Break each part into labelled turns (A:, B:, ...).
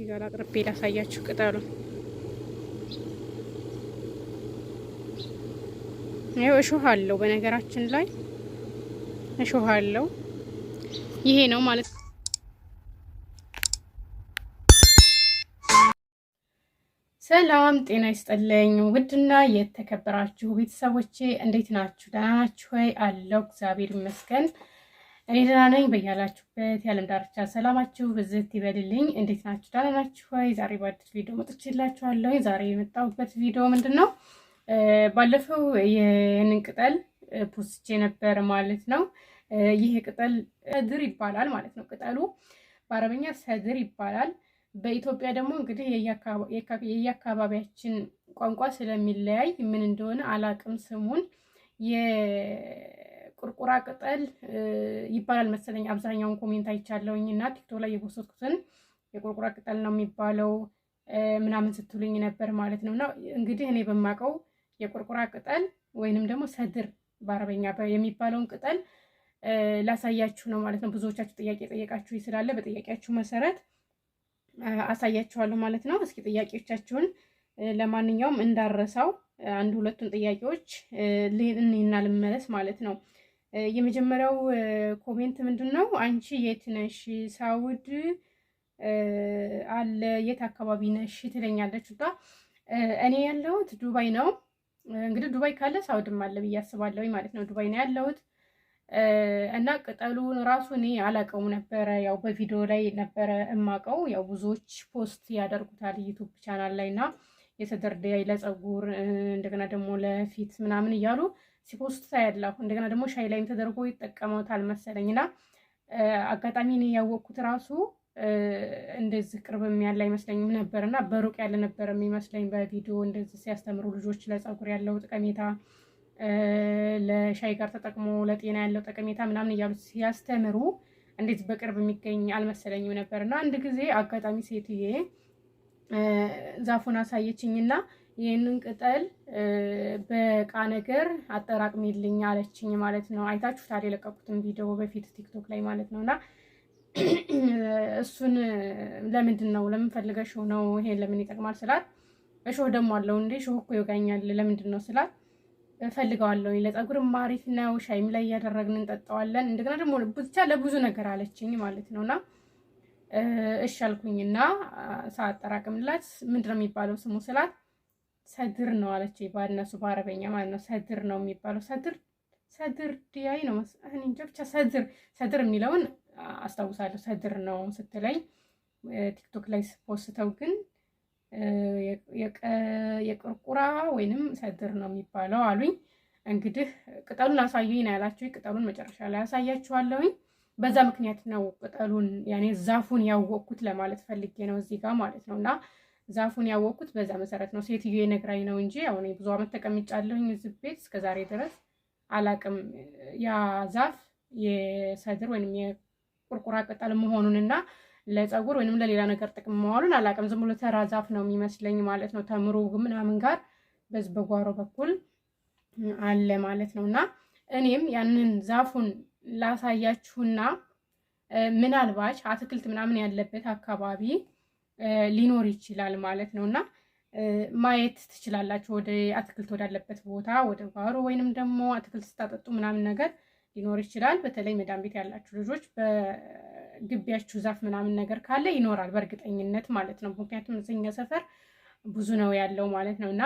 A: እዚህ ጋር አቅርቤ ላሳያችሁ ቅጠሉን። ይኸው እሾህ አለው። በነገራችን ላይ እሾህ አለው። ይሄ ነው ማለት ሰላም ጤና ይስጥልኝ። ውድና የተከበራችሁ ቤተሰቦቼ እንዴት ናችሁ? ደህና ናችሁ ወይ? አለው እግዚአብሔር ይመስገን። እኔ ደህና ነኝ። በያላችሁበት የዓለም ዳርቻ ሰላማችሁ ብዝት ይበልልኝ። እንዴት ናችሁ? ደህና ናችሁ ወይ? ዛሬ በአዲስ ቪዲዮ መጥቼላችኋለሁ። ዛሬ የመጣሁበት ቪዲዮ ምንድን ነው? ባለፈው ይህንን ቅጠል ፖስቼ ነበር ማለት ነው። ይህ ቅጠል ሰድር ይባላል ማለት ነው። ቅጠሉ በአረበኛ ሰድር ይባላል። በኢትዮጵያ ደግሞ እንግዲህ የየአካባቢያችን ቋንቋ ስለሚለያይ ምን እንደሆነ አላቅም ስሙን ቁርቁራ ቅጠል ይባላል መሰለኝ አብዛኛውን ኮሜንት አይቻለውኝ እና ቲክቶክ ላይ የፖስትኩትን የቁርቁራ ቅጠል ነው የሚባለው ምናምን ስትሉኝ ነበር ማለት ነው። እና እንግዲህ እኔ በማውቀው የቁርቁራ ቅጠል ወይንም ደግሞ ሰድር በአረበኛ የሚባለውን ቅጠል ላሳያችሁ ነው ማለት ነው። ብዙዎቻችሁ ጥያቄ ጠየቃችሁ ስላለ በጥያቄያችሁ መሰረት አሳያችኋለሁ ማለት ነው። እስኪ ጥያቄዎቻችሁን ለማንኛውም እንዳረሳው አንድ ሁለቱን ጥያቄዎች እኔና ልመለስ ማለት ነው። የመጀመሪያው ኮሜንት ምንድን ነው? አንቺ የት ነሽ? ሳውድ አለ የት አካባቢ ነሽ ትለኛለች። ጋ እኔ ያለሁት ዱባይ ነው። እንግዲህ ዱባይ ካለ ሳውድም አለ ብዬ አስባለሁ ማለት ነው። ዱባይ ነው ያለሁት እና ቅጠሉን ራሱ እኔ አላቀው ነበረ። ያው በቪዲዮ ላይ ነበረ እማቀው። ያው ብዙዎች ፖስት ያደርጉታል ዩቱብ ቻናል ላይ እና የሰደርደያ ለጸጉር እንደገና ደግሞ ለፊት ምናምን እያሉ ሲፖስት ታያለሁ። እንደገና ደግሞ ሻይ ላይም ተደርጎ ይጠቀሙታል መሰለኝ እና አጋጣሚ እኔ ያወቅኩት ራሱ እንደዚህ ቅርብም ያለ አይመስለኝም ነበር እና በሩቅ ያለ ነበር የሚመስለኝ በቪዲዮ እንደዚህ ሲያስተምሩ ልጆች ለፀጉር ያለው ጠቀሜታ ለሻይ ጋር ተጠቅሞ ለጤና ያለው ጠቀሜታ ምናምን እያሉ ሲያስተምሩ እንዴት በቅርብ የሚገኝ አልመሰለኝም ነበር እና አንድ ጊዜ አጋጣሚ ሴትዬ ዛፉን አሳየችኝና ይህንን ቅጠል በቃ ነገር አጠራቅሚልኝ አለችኝ ማለት ነው። አይታችሁታል የለቀቁትን ቪዲዮ በፊት ቲክቶክ ላይ ማለት ነው። እና እሱን ለምንድን ነው ለምን ፈልገሽ ነው ይሄ ለምን ይጠቅማል ስላት፣ እሾህ ደግሞ አለው እንዴ እሾህ እኮ ይወጋኛል ለምንድን ነው ስላት፣ ፈልገዋለሁ ለጸጉርም አሪፍ ነው፣ ሻይም ላይ እያደረግን እንጠጣዋለን። እንደገና ደግሞ ብቻ ለብዙ ነገር አለችኝ ማለት ነውና እሺ አልኩኝና ሳጠራቅምላት ምንድን ነው የሚባለው ስሙ ስላት ሰድር ነው አለች። በእነሱ በአረበኛ ማለት ነው ሰድር ነው የሚባለው። ሰድር ሰድር ዲያይ ነው እንጃ ብቻ ሰድር ሰድር የሚለውን አስታውሳለሁ። ሰድር ነው ስትለኝ ቲክቶክ ላይ ፖስተው ግን የቅርቁራ ወይንም ሰድር ነው የሚባለው አሉኝ። እንግዲህ ቅጠሉን አሳዩኝ ነው ያላችሁኝ። ቅጠሉን መጨረሻ ላይ አሳያችኋለሁኝ። በዛ ምክንያት ነው ቅጠሉን ያኔ ዛፉን ያወቅኩት ለማለት ፈልጌ ነው እዚህ ጋር ማለት ነው እና ዛፉን ያወቅኩት በዛ መሰረት ነው። ሴትዮ የነግራኝ ነው እንጂ አሁን ብዙ አመት ተቀምጫለሁኝ እዚህ ቤት እስከዛሬ ድረስ አላቅም። ያ ዛፍ የሰድር ወይም የቁርቁራ ቅጠል መሆኑንና ለፀጉር ወይም ለሌላ ነገር ጥቅም መዋሉን አላቅም። ዝም ብሎ ተራ ዛፍ ነው የሚመስለኝ ማለት ነው። ተምሮ ምናምን ጋር በዚህ በጓሮ በኩል አለ ማለት ነው። እና እኔም ያንን ዛፉን ላሳያችሁና ምናልባች አትክልት ምናምን ያለበት አካባቢ ሊኖር ይችላል ማለት ነው እና ማየት ትችላላችሁ። ወደ አትክልት ወዳለበት ቦታ ወደ ጓሮ ወይንም ደግሞ አትክልት ስታጠጡ ምናምን ነገር ሊኖር ይችላል። በተለይ መዳን ቤት ያላችሁ ልጆች በግቢያችሁ ዛፍ ምናምን ነገር ካለ ይኖራል በእርግጠኝነት ማለት ነው። ምክንያቱም እዚህኛ ሰፈር ብዙ ነው ያለው ማለት ነው እና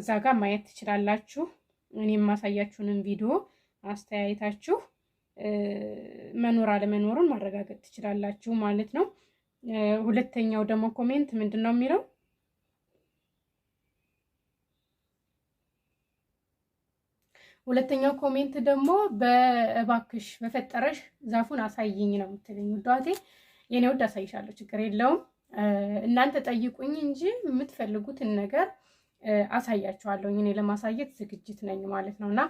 A: እዛ ጋር ማየት ትችላላችሁ። እኔ የማሳያችሁንም ቪዲዮ አስተያየታችሁ መኖር አለመኖሩን ማረጋገጥ ትችላላችሁ ማለት ነው። ሁለተኛው ደግሞ ኮሜንት ምንድን ነው የሚለው? ሁለተኛው ኮሜንት ደግሞ በእባክሽ በፈጠረሽ ዛፉን አሳይኝ ነው የምትለኝ። ውዷቴ የኔ ውድ አሳይሻለሁ፣ ችግር የለውም። እናንተ ጠይቁኝ እንጂ የምትፈልጉትን ነገር አሳያችኋለሁ። እኔ ለማሳየት ዝግጅት ነኝ ማለት ነው። እና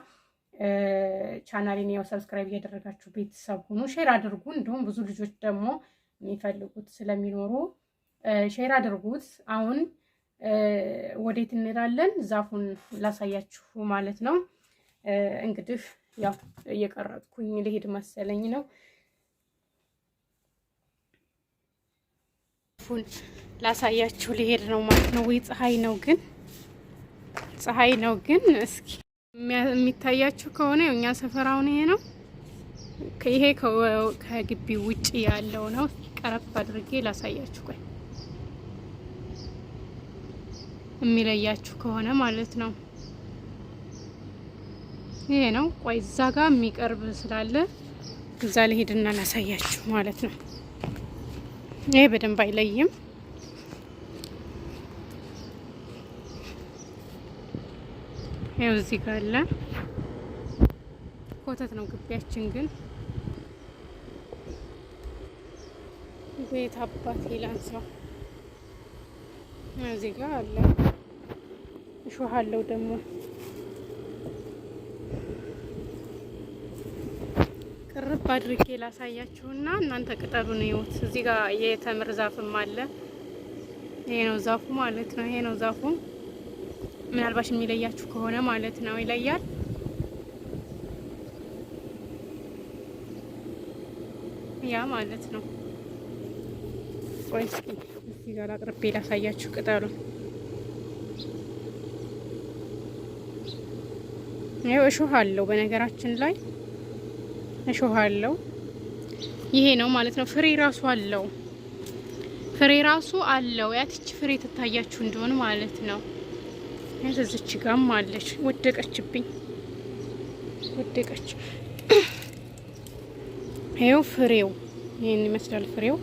A: ቻናሌን ያው ሰብስክራይብ እያደረጋችሁ ቤተሰብ ሁኑ፣ ሼር አድርጉ። እንዲሁም ብዙ ልጆች ደግሞ የሚፈልጉት ስለሚኖሩ ሼር አድርጉት። አሁን ወዴት እንሄዳለን? ዛፉን ላሳያችሁ ማለት ነው። እንግዲህ ያው እየቀረጥኩኝ ልሄድ መሰለኝ ነው። ዛፉን ላሳያችሁ ልሄድ ነው ማለት ነው። ወይ ፀሐይ ነው ግን ፀሐይ ነው ግን እስኪ የሚታያችሁ ከሆነ የእኛ ሰፈራውን ይሄ ነው። ይሄ ከግቢ ውጭ ያለው ነው። ቀረብ አድርጌ ላሳያችሁ። ቆይ የሚለያችሁ ከሆነ ማለት ነው። ይሄ ነው። ቆይ እዛ ጋር የሚቀርብ ስላለ እዛ ልሄድና ላሳያችሁ ማለት ነው። ይሄ በደንብ አይለይም። ይኸው እዚህ ጋር አለ። ኮተት ነው ግቢያችን ግን ቤት አባት ይላንሳው እዚህ ጋር አለ እሾህ አለው ደግሞ ቅርብ አድርጌ ላሳያችሁና እናንተ ቅጠሉን እዩት። እዚህ ጋር የተምር ዛፍም አለ። ይሄ ነው ዛፉ ማለት ነው። ይሄ ነው ዛፉ። ምናልባሽ የሚለያችሁ ከሆነ ማለት ነው ይለያል። ያ ማለት ነው። ቆይ እስኪ እዚህ ጋር አቅርቤ ላሳያችሁ ቅጠሉን። ይኸው እሾህ አለው፣ በነገራችን ላይ እሾህ አለው። ይሄ ነው ማለት ነው። ፍሬ ራሱ አለው፣ ፍሬ ራሱ አለው። ያትች ፍሬ ትታያችሁ እንደሆን ማለት ነው። ያዘዝች ጋም አለች፣ ወደቀችብኝ፣ ወደቀች። ይኸው ፍሬው ይህን ይመስላል ፍሬው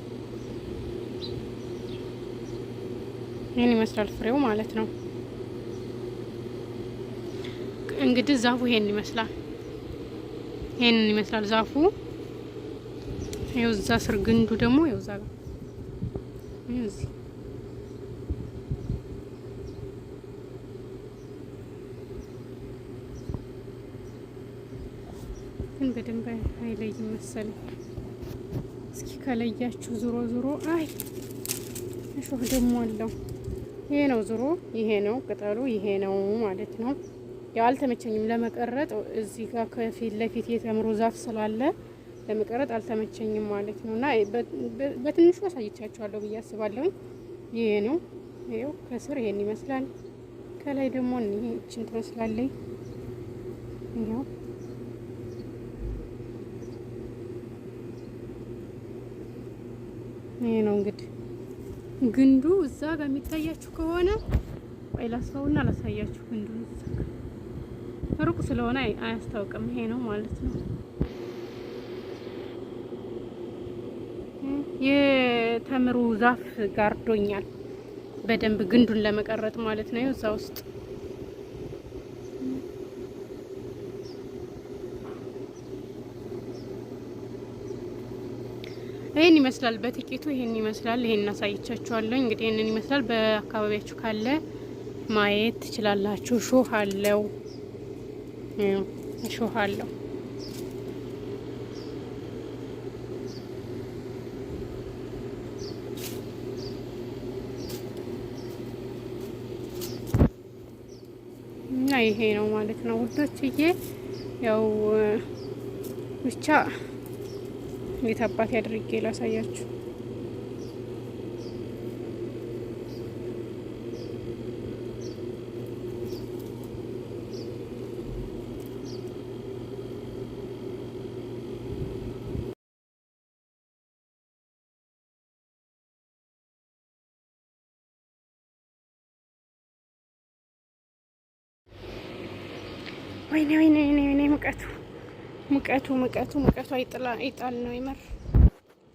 A: ይህን ይመስላል ፍሬው ማለት ነው። እንግዲህ ዛፉ ይሄን ይመስላል። ይሄንን ይመስላል ዛፉ። ይኸው እዛ ስር ግንዱ ደግሞ ይኸው እዛ ጋር ግን በደንብ አይለይም መሰለኝ። እስኪ ከለያችሁ ዙሮ ዙሮ አይ እሾህ ደግሞ አለው። ይሄ ነው ዙሩ፣ ይሄ ነው ቅጠሉ፣ ይሄ ነው ማለት ነው። ያው አልተመቸኝም ለመቀረጥ እዚህ ጋር ከፊት ለፊት የተምሮ ዛፍ ስላለ ለመቀረጥ አልተመቸኝም ማለት ነው። እና በትንሹ አሳይቻችኋለሁ ብዬ አስባለሁኝ። ይሄ ነው ይኸው፣ ከስር ይሄን ይመስላል፣ ከላይ ደግሞ ይህችን ትመስላለኝ። ይኸው ይሄ ነው እንግዲህ ግንዱ እዛ ጋር የሚታያችሁ ከሆነ ቆይ አላሳያችሁ ላሳያችሁ። ግንዱ ሩቅ ስለሆነ አያስታውቅም። ይሄ ነው ማለት ነው። የተምሩ ዛፍ ጋርዶኛል በደንብ ግንዱን ለመቀረጥ ማለት ነው እዛ ውስጥ ይህን ይመስላል በጥቂቱ ይህን ይመስላል። ይህን እናሳይቻችኋለሁ። እንግዲህ ይህንን ይመስላል። በአካባቢያችሁ ካለ ማየት ትችላላችሁ። ሾህ አለው ሾህ አለው። ይሄ ነው ማለት ነው ውዶችዬ ያው ብቻ የት አባቴ አድርጌ ላሳያችሁ። ወይኔ ወይኔ ወይኔ ሙቀቱ ሙቀቱ ሙቀቱ ሙቀቱ አይጣል ነው ይመር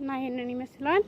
A: እና ይሄንን ይመስላል።